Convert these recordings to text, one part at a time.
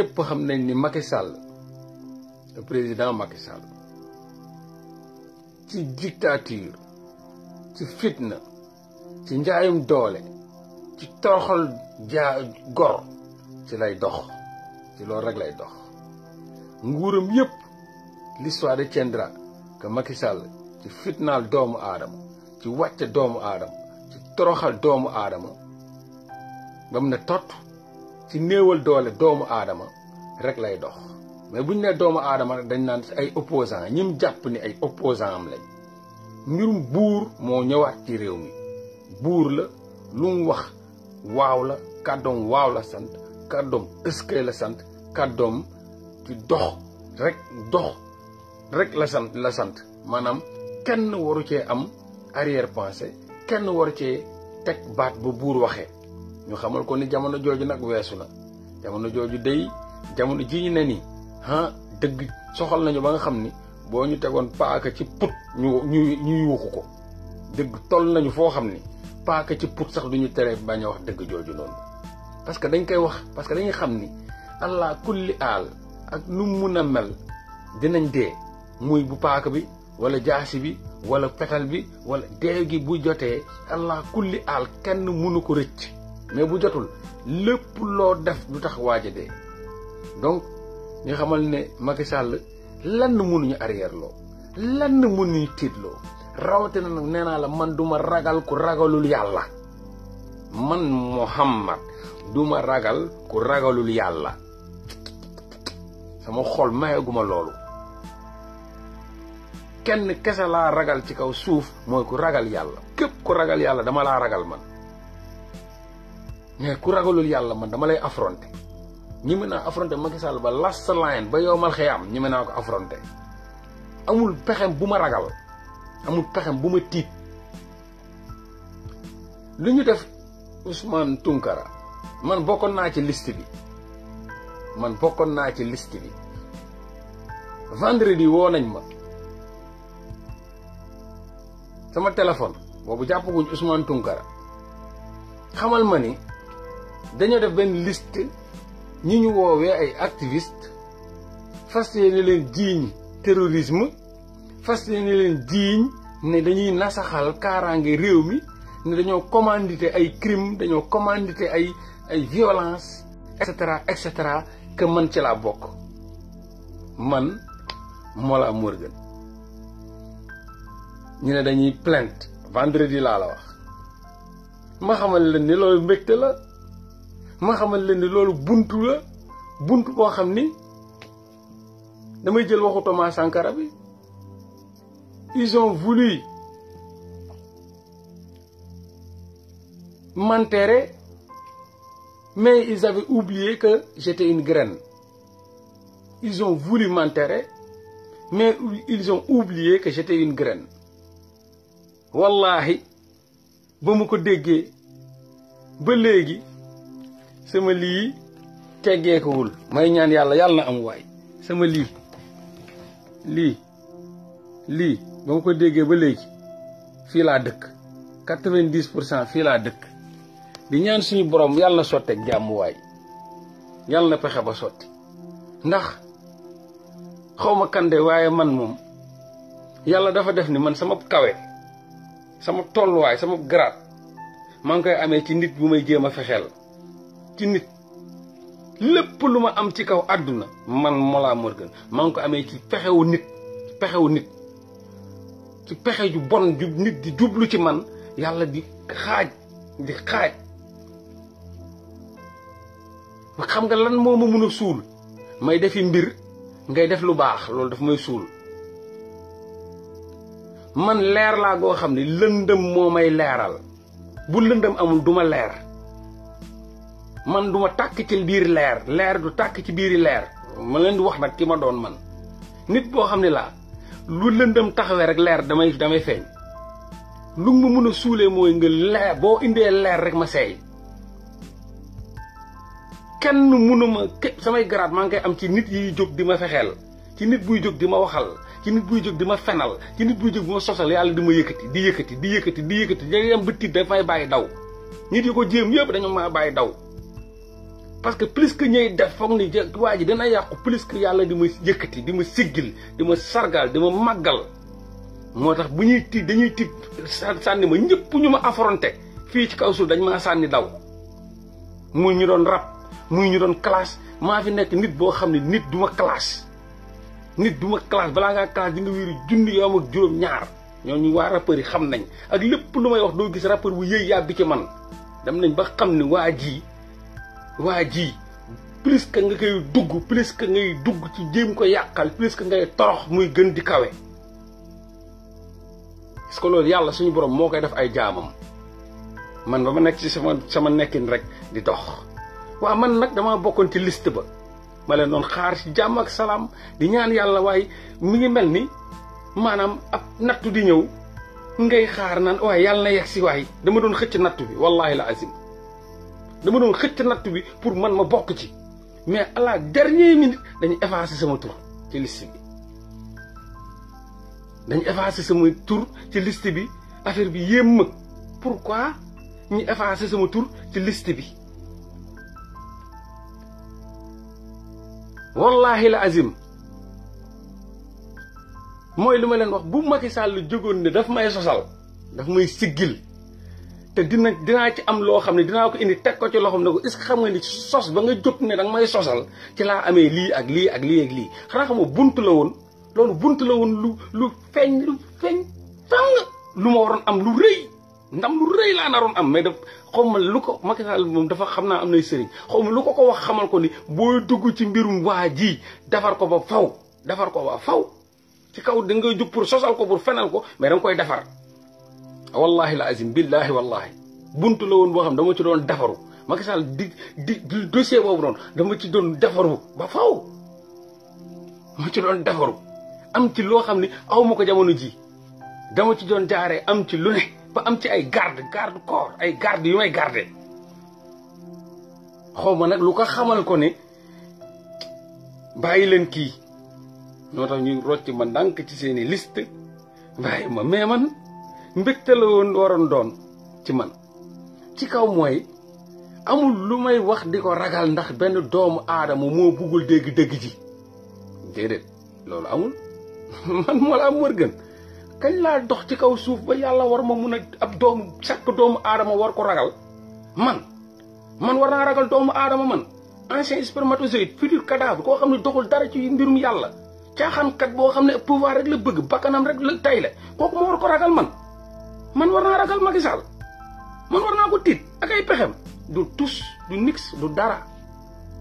ñëpp xam nañ ni Macky Sall le président Macky Sall ci dictature ci fitna ci njaayum doole ci toroxal jaa gor ci lay dox ci loolu rek lay dox nguuram yëpp l'histoire retiendra que Macky Sall ci fitnaal doomu aadama ci wàcce doomu aadama ci toroxal doomu aadama ba mu ne tott ci néewal doole doomu aadama rek lay dox mais bu ñu nee doomu aadama dañ naan si ay opposant ñim jàpp ni ay opposan am lañ mbirum buur moo ñëwaat ci réew mi buur la lum wax waaw la kàddoom waaw la sant kàddoom ëskay la sant kàddoom ci dox rek dox rek la sant la sant maanaam kenn waru cee am arrière pensée kenn waru cee teg baat bu buur waxee ñu xamal ko ni jamono jooju nag weesu na jamono jooju day jamono ji ñu ne ni ah dëgg soxal nañu ba nga xam ni boo ñu tegoon paaka ci put ñu ñu ñu yuuxu ko dëgg toll nañu foo xam ni paaka ci put sax duñu tere bañ a wax dëgg jooju noonu parce que dañ koy wax parce que dañuy xam ni allah kulli aal ak nu mun a mel dinañ dee muy bu paaka bi wala jaasi bi wala petal bi wala dee gi bu jotee allah kulli aal kenn mënu ko rëcc mais bu jotul lépp loo def du tax waaja dee donc ñu xamal ne Macky Sall lan mënuñu arrière loo lan mënuñu tiitloo rawatina nag nee naa la man duma ragal ku ragalul yàlla man Muhammad duma ragal ku ragalul yàlla sama xol mayeguma loolu kenn kese laa ragal ci kaw suuf mooy ku ragal yàlla képp ku ragal yàlla dama laa ragal man mais ku ragalul yàlla man dama lay affronté ñi mën a affronté Macky ba last line ba yowmal mal ñi mën naa ko affronté amul pexem bu ma ragal amul pexem bu ma tiit lu ñu def Ousmane Tunkara man bokkoon naa ci liste bi man bokkoon naa ci liste bi vendredi woo nañ ma sama téléphone boobu jàppaguñ Ousmane Tunkara xamal ma ni dañoo def benn liste ñi ñu woowee ay activistes fas yéene leen jiiñ terrorisme fas yéene leen jiiñ ne dañuy nasaxal kaaraange réew mi ne dañoo commandité ay crime dañoo commandité ay ay violence et cetera et cetera que man ci laa bokk man Mollah Morgun ñu ne dañuy plainte vendredi laa la wax ma xamal leen ni loolu mbégte la ma xamal leen ni loolu buntu la buntu boo xam ni damay jël waxu Thomas Sankara bi ils ont voulu m'enterrer mais ils avaient oublié que j'étais une graine ils ont voulu m'enterrer mais ils ont oublié que j'étais une graine wallahi bamu ko déggé ba légui sama ko wul may ñaan yalla yalla na am way sama li, li. li ba ma ko déggee ba léegi fi la dëkk 90% fi la di ñaan suñu borom yalla na sotteeg jàmm waay yalla na pexe ba sotti ndax xawma kan de waye man mom yalla dafa def ni man sama kawe sama way sama garaat mang koy amé ci nit bu may jéem fexel ci nit lépp lu ma am ci kaw àdduna man Mollah Morgun maa ngi ko amee ci pexewu nit pexewu nit ci pexe ju bon ju nit di jublu ci man yàlla di xaaj di xaaj xam nga lan moo ma mun a suul may defi mbir ngay def lu baax loolu daf may suul man leer laa goo xam ne lëndëm moo may leeral bu lëndëm amul duma leer man duma tak ci ler leer leer du tak ci biiri leer ma len di wax nak ki ma doon man nit bo xamni la lu lëndëm taxawé rek leer damay damay feñ lu mu mën soulé moy nga leer bo indé leer rek ma sey kenn munuma samay grade maa ngay am ci nit yi jog di ma fexeel ci nit buy jog di ma waxal ci nit buy jog di ma fenal ci nit buy jog di ma sosal yàlla di ma di yëkëti di yëkëti di am da fay daw nit yi ko jëm yëpp dañu ma bàyyi daw parce que plus que ñay def foog ni waa ji dana yaq plus que yalla di ma yëkkati di ma sigil di ma sargal di ma magal motax bu ñuy tiit dañuy tiit sanni ma ñepp ñuma affronter fi ci kawsul dañ ma sanni daw muy ñu doon rap muy ñu doon classe ma fi nek nit bo xamni nit duma classe nit duma classe bala nga classe di nga wiiri junni yoom ak juroom ñaar ñu wa rapper yi xam nañ ak lepp lu may wax do gis rapper bu yëy yàbbi ci man dam nañ ba xamni waji waji please plus que nga koy dugg plus que ngay dugg ci toh ko yàqal plus que ngay torox muy gën di kawe est-ce que loolu yàlla suñu borom moo koy def ay jaamam man ba ma nekk ci sama sama nekkin rek di dox waa man nag dama bokkoon ci liste ba ma leen doon xaar ci jàmm ak salaam di ñaan yàlla waaye mi ngi mel ni maanaam nattu di ñëw ngay xaar naan waaye yàlla na yegg si waay dama doon xëcc nattu bi wallahi la azim dama doon xëcc natt bi pour man ma bokk ci mais à la dernière minute dañu effacer sama tour ci liste bi dañu effacer sama tour ci liste bi affaire bi yéem ma pourquoi ñu effacer sama tour ci liste bi wallahi la azim mooy li ma leen wax bu Macky Sall jógoon ne daf may sosal daf may siggil te dina dinaa ci am loo xam ne dinaa ko indi teg ko ci loxoom ne ko est-ce xam nga ni sos ba nga jot ne danga may sosal ci laa amee lii ak lii ak lii ak lii xanaa xam nga bunt la woon loolu bunt la woon lu lu feeñ feeñ lu ma waroon am lu ndam laa naroon am mais daf xaw ma lu ko Macky Sall moom dafa xam naa am nay sëriñ xaw ma lu ko ko wax xamal ko ni booy dugg ci mbirum waa ji defar ko ba faw defar ko ba faw ci kaw da ngay jóg pour sosal ko pour fenal ko mais danga koy defar wallahi la azim billahi wallahi buntu la woon boo xam dama ci doon defaru Macky Sall di di dossier boobu noonu dama ci doon defaru ba faw dama ci doon defaru am ci loo xam ne aw ma ko jamono ji dama ci doon jaaree am ci lu ne ba am ci ay garde garde corps ay garde yu may garde xaw ma nag lu ko xamal ko ne bàyyi leen kii noo tax ñuy rocc ma ndànk ci seeni liste bàyyi ma mais man mbégte la woon waroon doon ci man ci kaw mooy amul lu may wax di ko ragal ndax benn doomu aadama moo buggul dégg-dégg ji déedéet loolu amul man moo la am war gën kañ laa dox ci kaw suuf ba yàlla war ma mun a ab doomu chaque doomu aadama war ko ragal man man war naa ragal doomu aadama man ancien spermatozoïde futur cadavre koo xam ne doxul dara ci mbirum yàlla caaxaankat boo xam ne pouvoir rek la bëgg bakkanam rek la tay la kooku ma war ko ragal man man war naa ragal Macky Sall man war naa ko tiit ak ay pexem du tus du nix du dara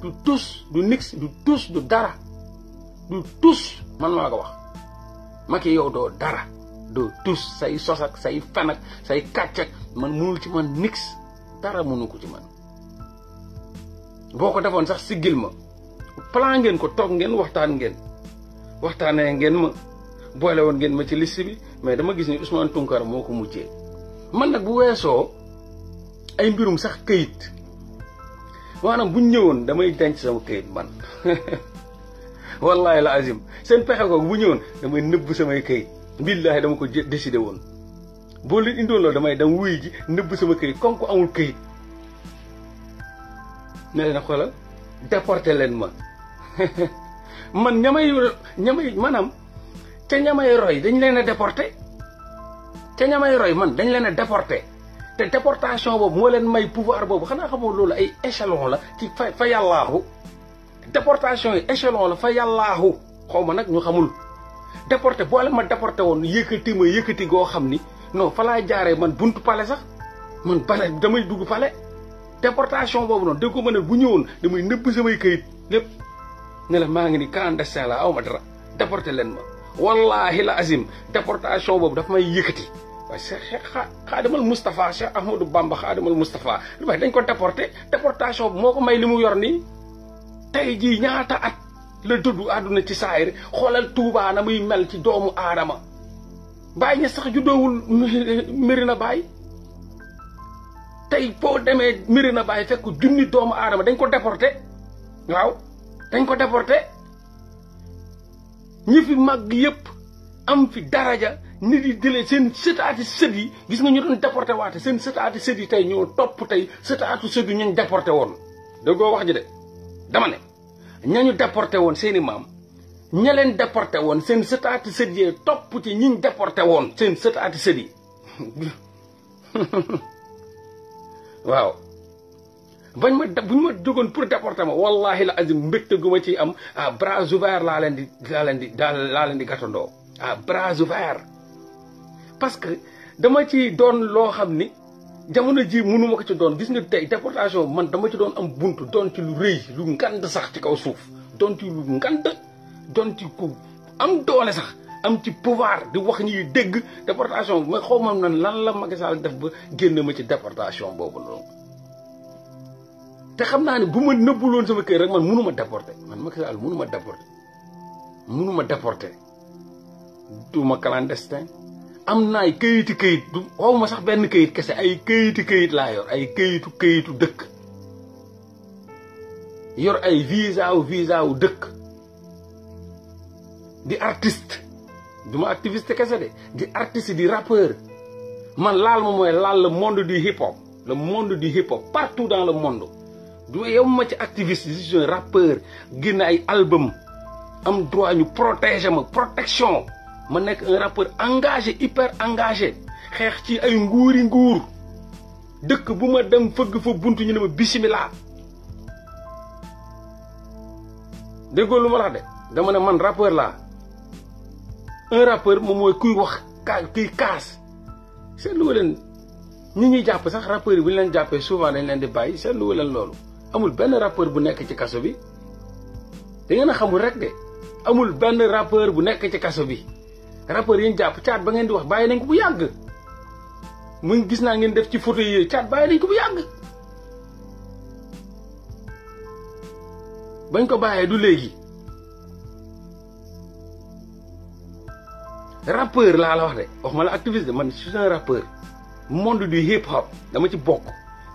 du tus du nix du tus du dara du tus man maa ko wax Macky yow doo dara do tous say sos ak say fan ak say katch ak man munul ci man nix dara munu ko ci man boko ko sax sigil ma plan ngeen ko tok ngeen waxtaan ngeen waxtaanee ngeen ma boole won ngeen ma ci liste bi mais dama gis ni Ousmane Tounkara moko mujjé man nak bu wesso ay mbirum sax keuyit bu ñewoon damay denc sama keuyit man wallahi la azim seen pexé ko bu ñewoon damay neub sama keuyit billahi dama ko décidé won bo leen indoon lo damay dam wuy ji neub sama keuyit kon ko amul keuyit mel na xolal déporter leen ma man ñamay ñamay manam te ñamay roy dañ leen a déporté te ñamay roy man dañ leen a déporté te déportation boobu moo leen may pouvoir boobu xanaa xamoo loolu ay échelon la ci fa fa yàllaahu déportation yi échelon la fa yàllaahu xaw ma nag ñu xamul deporte boo leen ma déporté woon yëkkati ma yëkkati goo xam ni non fa laa jaaree man buntu pale sax man pale damay dugg pale déportation boobu noonu dégg ko ma ne bu ñëwoon damay nëbb samay kayit lépp ne la maa ngi ni clandestin la aw ma dara déporté leen wallahi la azim déportation boobu dafa may yëkkati waaye Cheikh xaadimal Moustapha Cheikh Ahmadou Bamba xaadimal Moustapha lu may dañ ko déporté déportation bu moo ko may li mu yor nii tey jii ñaata at la dëddu àdduna ci saayir xoolal Touba na muy mel ci doomu aadama bàyyi ña sax juddoowul Médina Baye tey boo demee Médina Baye fekk junni doomu aadama dañ ko déporté waaw dañ ko déporté ñi fi màgg yëpp am fi daraja nit yi di leen seen sëtaati sët yi gis nga ñu doon déporté waate seen sëtaati sët yi tey ñoo topp tey sëtaatu sët yi ñu déporté woon. dëggoo wax ji de dama ne ñañu déporté woon seen i maam ña leen déporté woon seen sëtaati sët yee topp ci ñiñ déporté woon seen sëtaati sët yi waaw. bañ ma da buñ ma jógoon pour déporter ma wallahi la azim mbégte gu ma ci am à bras ouvert laa leen di laa leen di laa leen di gàttandoo à bras ouvert parce que dama ci doon loo xam ni jamono ji mënu ma ko ci doon gis nga tey déportation man dama ci doon am buntu doon ci lu rëy lu ngand sax ci kaw suuf doon ci lu ngand doon ci ku am doole sax am ci pouvoir di wax ñuy dégg déportation ma xaw ma nan lan la Macky Sall def ba génn ma ci déportation boobu noonu te xam naa ne bu ma nëbbuloon sama kër rek man munu ma déporté man Macky Sall munu ma déporté munu ma déporté du ma clandestin am na ay këyiti këyit du ma sax benn këyit kese ay këyiti këyit laa yor ay këyitu këyitu dëkk yor ay visa wu visa wu dëkk di artist du ma activiste kese de di artiste di rappeur man laal ma mooy laal le monde du hip hop le monde du hip hop partout dans le monde du yow ma ci activiste je rappeur guen ay album am droit ñu protéger ma protection ma nek un rappeur engagé hyper engagé xex ci ay nguri ngour dekk bu ma dem feug fa buntu ñu ne ma bismillah déggoo lu ma la de dama ne man rappeur la un rappeur mo moy kuy wax ka kuy c'est lu len ñi ñi japp sax rappeur yi bu souvent dañ len di c'est lu len lolu amul benn rappeur bu nekk ci kaso bi da ngeen a xamul rek de amul benn rappeur bu nekk ci kaso bi rappeur yi ñu jàpp caat ba ngeen di wax bàyyi nañ ko bu yàgg mu gis naa ngeen def ci photo yi caat bàyyi nañ ko bu yàgg. bañ ko bàyyee du léegi rappeur laa la wax de wax ma la activiste de man je suis un rappeur monde du hip hop dama ci bokk.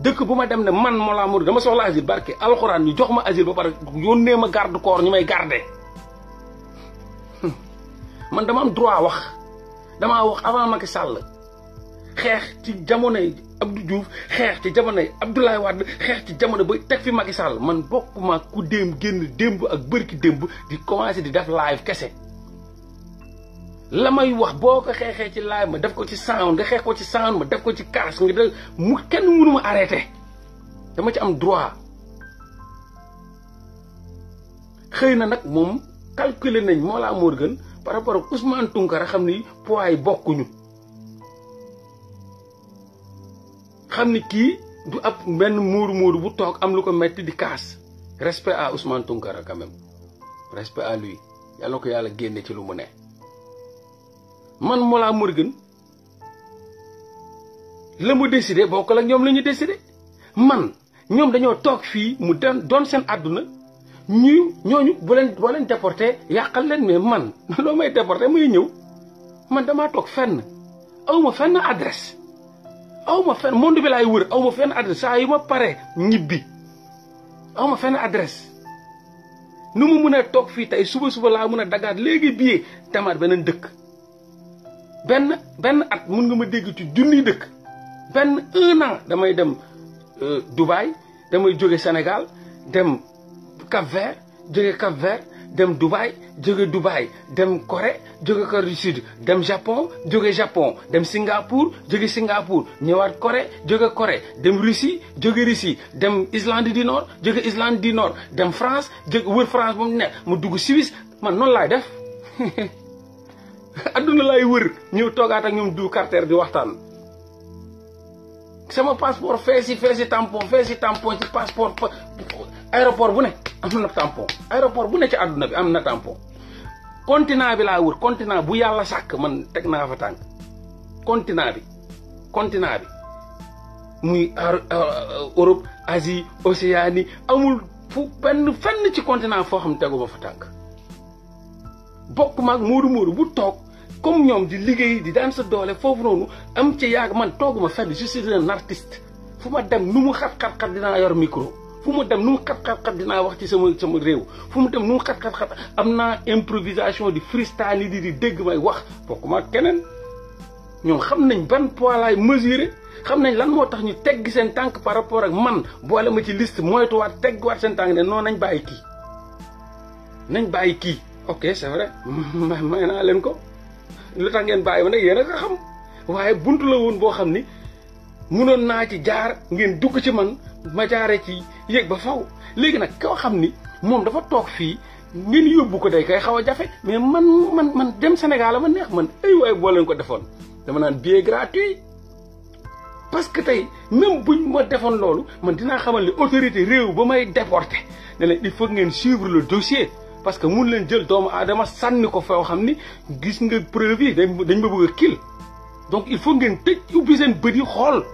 dëkk bu ma dem ne man Mollah Morgun dama soxla asile barki alxuraan ñu jox ma asile ba pare yónnee ma garde koor ñu may garder hmm. man dama am droit wax damaa wax avant Macky Sall xeex ci jamonoy Abdou Diouf xeex ci jamonoy Abdoulaye Wade xeex ci jamono ba teg fi Macky Sall man bokk bokkuma ku dém génn démb ak bërki démb di commencé di def live kese. la may wax boo ko xeexee ci live ma def ko ci sound nga xeex ko ci sound ma def ko ci cash nga def mu kenn mënu ma arrêté dama ci am droit xëy na nag moom calculer nañ Mollah Morgun par rapport ak Ousmane Tounkara xam ni poids bokkuñu xam ni kii du ab benn muuru muuru bu toog am lu ko metti di kaas respect à Ousmane Tounkara quand même respect à lui yàlla ko yàlla génne ci lu mu ne man mola Morgun la mu décider bokol ak ñom lañu décider man ñom dañu tok fi mu don don sen aduna ñu ñoñu bu len bo len déporté yaqal len mais man lo may déporté muy ñew man dama tok fenn awma fenn adresse awma fenn monde bi lay wër awma fenn adresse saa ma pare ñibbi awma fenn adresse nu mu mën a toog fii suba suba la mëna dagaat légui billet tamat benen dëkk benn benn at mun nga ma dégg ci junniy dëkk benn un damay dem euh, Dubaï damay jóge Sénégal dem Cap-Vert jóge Cap-Vert dem Dubaï jóge Dubaï dem Corée jóge Corée du Sud dem Japon jóge Japon dem Singapour jóge Singapour ñëwaat Corée jóge Corée dem Russie jóge Russie dem Islande du Nord jóge Islande du Nord dem France jóge wër France moom mu nekk mu dugg Suisse man noonu laay def adduna laay wër ñëw toogaat ak ñoom du carter bi waxtaan sama passeport feesi feesi tampon feesi tampon ci passeport aéroport bu ne am na tampon aéroport bu ne ci àdduna bi am na tampon continent bi laa wër continent bu yàlla sàkk man teg naa fa tànk continent bi continent bi muy Europe Asie Océanie amul fu benn fenn ci continent foo xam teguma fa tànk bokk maag moodu moodu bu toog comme ñoom di liggéey di daan sa doole foofu noonu am ci yaag man ma fenn je suis un artiste fu ma dem nu mu xat-xat-xat dinaa yor micro fu mu dem nu mu xat-xat-xat wax ci sama sama réew fu mu dem mu xat-xat-xat am na improvisation di freestyle di di dégg may wax bokkuma ak keneen ñoom xam nañ ban poids laay mesurer xam nañ lan moo tax ñu tegg seen tànk par rapport ak man boole ma ci liste moytuwaat tegg waat seen tànk ne noonu nañ bàyyi kii nañ bàyyi kii ok c'est vrai may naa leen ko lu tax ngeen bàyyi ma nag yéen a xam waaye buntu la woon boo xam ni mënoon naa ci jaar ngeen dugg ci man ma jaaree ci yéeg ba faw léegi nag koo xam ni moom dafa toog fii ngeen yóbbu ko day kay xaw a jafe mais man man man dem Sénégal ma neex man ay waaye boo leen ko defoon dama naan billet gratuit parce que tey même buñ ma defoon loolu man dinaa xamal ni autorité réew ba may déporté ne leen il faut ngeen suivre le dossier parce que mun leen jël doomu aadama sànni ko foo xam ni gis nga preuve yi dañ dañ ma bëgg a kil donc il faut ngeen tëj ubbi seen bët yi xool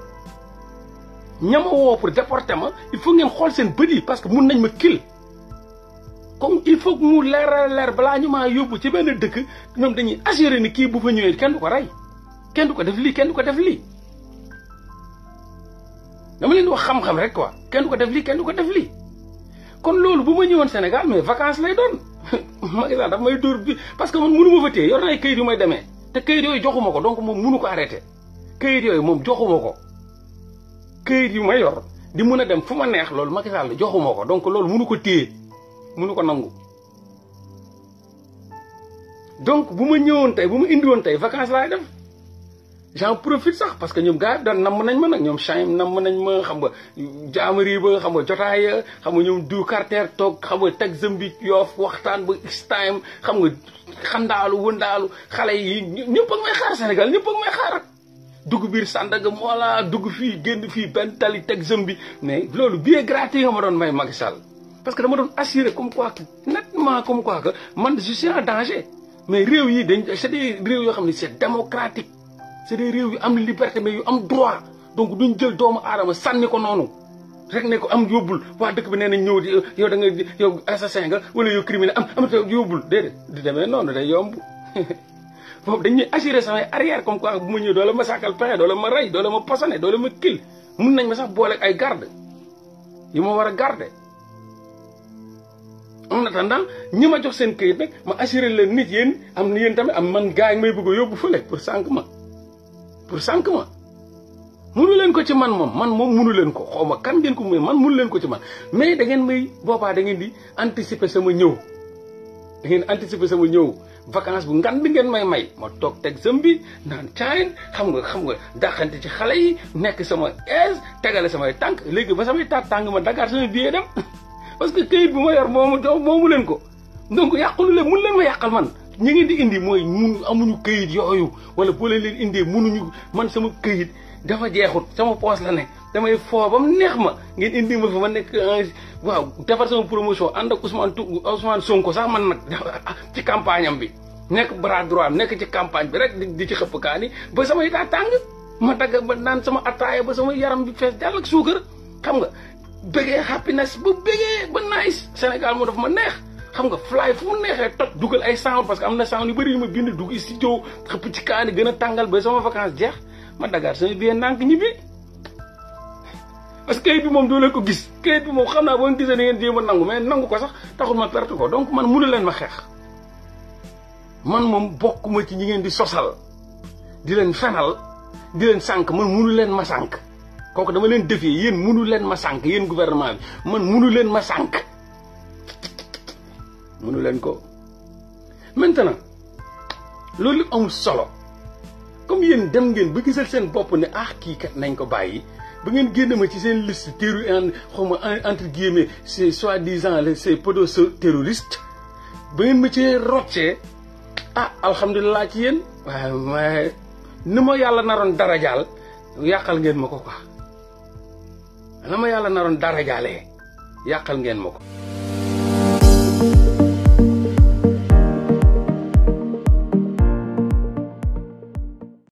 ñama woo pour déporter ma il faut ngeen xool seen bët yi parce que mun nañ ma kill comme il faut mu leer leer balaa ñu maa yóbbu ci benn dëkk ñoom dañuy assurer ni kii bu fa ñëwee kenn du ko rey kenn du ko def lii kenn du ko def lii dama leen wax xam-xam rek quoi kenn du ko def lii kenn du ko def lii kon loolu bu ma ñëwoon Sénégal mais vacances lay doon Macky Sall daf may dóor bi parce que man mënu ma fa téye yor na ay këyit yu may demee te këyit yooyu joxuma ko donc moom mënu ko arrêté këyit yooyu moom joxuma ko këyit yu may yor di mën a dem fu ma neex loolu Macky Sall joxuma ko donk loolu mënu ko téye mënu ko nangu donc bu ma ñëwoon tey bu ma indiwoon tey vacance laay dem j'en profite sax parce que ñoom gars yi nam namm nañ ma nag ñoom nam namm nañ ma xam nga jaamari ba xam nga jotaaya xam nga ñoom du carter toog xam nga teg zëmbi yoof waxtaan ba x xam nga xandaalu wëndaalu xale yi ñëpp ak may xaar Sénégal ñëpp ak may xaar dugg biir Sandaga Mawla dugg fii génn fii benn tali teg zëmbi mais loolu billet grati nga ma doon may Macky Sall parce que dama doon assuré comme quoi que nettement comme quoi man je suis en mais réew yi dañ c'est des réew yoo xam ne c'est démocratique c'est des rew yu am liberté mais yu am droit donc duñ jël doomu aadama sanni ko nonu rek ne ko am yobul wa dekk bi nee ñew di yow da nga yow assassin nga wala yow criminel am am yobul dede di demee nonu day yomb dañ ñuy assurer sama arrière comme quoi bu ma do la ma sàkkal do la ma do la ma do la ma kill mën nañ ma sax bolé ay garde yu ma wara garde garder en attendant ñi ma jox seen kayit nak ma assurer le nit yeen am ni yeen tamé am man gaay may bëgg a yóbbu fële pour sank ma pour sànq ma munu leen ko ci man moom man moom munu leen ko xaw ma kan ngeen ko mu man munu leen ko ci man mais da ngeen may boobaa da ngeen di anticiper sama ñëw da ngeen anticiper sama ñëw vacance bu ngan bi ngeen may may ma toog teg sëm bi naan caayin xam nga xam nga dàqante ci xale yi nekk sama aise tegale samay tànk léegi ba samay taat tàng ma Dakar sama billet dem parce que këyit bu ma yor moomu moomu leen ko donc yàqulu leen mun leen ma yàqal man ñi ngeen di indi mooy mun amuñu këyit yooyu wala boo leen leen indee mënuñu man sama këyit dafa jeexut sama poos la ne damay foo bam neex ma ngeen indi ma fa ma nekk ah, waaw defar sama promotion ànd ak Ousmane Ousmane Sonko sax man nag ah, ci campagne am bi nekk bras droit am nekk ci campagne bi rek di ci xëpp kaani ba sama yitaa tàng ma dagg ba naan sama attaaya ba sama yaram bi fees dell ak suukar xam nga bëggee happiness ba bëggee ba nice Sénégal moo dafa ma neex xam nga fly fu mu neexee toj dugal ay sound parce que am na sound yu bëri yu ma bind dugg studio xëpp ci kaani gën a tàngal ba sama vacances jeex ma dagaar sama bien ndànk ñibbi parce que kayit bi moom doo leen ko gis kayit bi moom xam naa boo gisee da ngeen jéem a nangu mais nangu ko sax taxul ma perte ko donc man mënu leen ma xeex man moom bokkuma ci ñi ngeen di sosal di leen fenal di leen sànq man mënu leen ma sànq kooku dama leen defee yéen mënu leen ma sànq yéen gouvernement bi man mënu leen ma sànq mënu leen ko maintenant loolu amul solo comme yéen dem ngeen ba gisal seen bopp ne ah kii kat nañ ko bàyyi ba ngeen génne ma ci seen list terru xaw ma entre guillemets c'est soi-disant c'est podo terroriste ba ngeen ma ci roccee ah alhamdulilah ci yéen waaye waaye ni ma yàlla naroon dara jaal yàqal ngeen ma ko quoi na ma yàlla naroon dara jaalee yàqal ngeen ma ko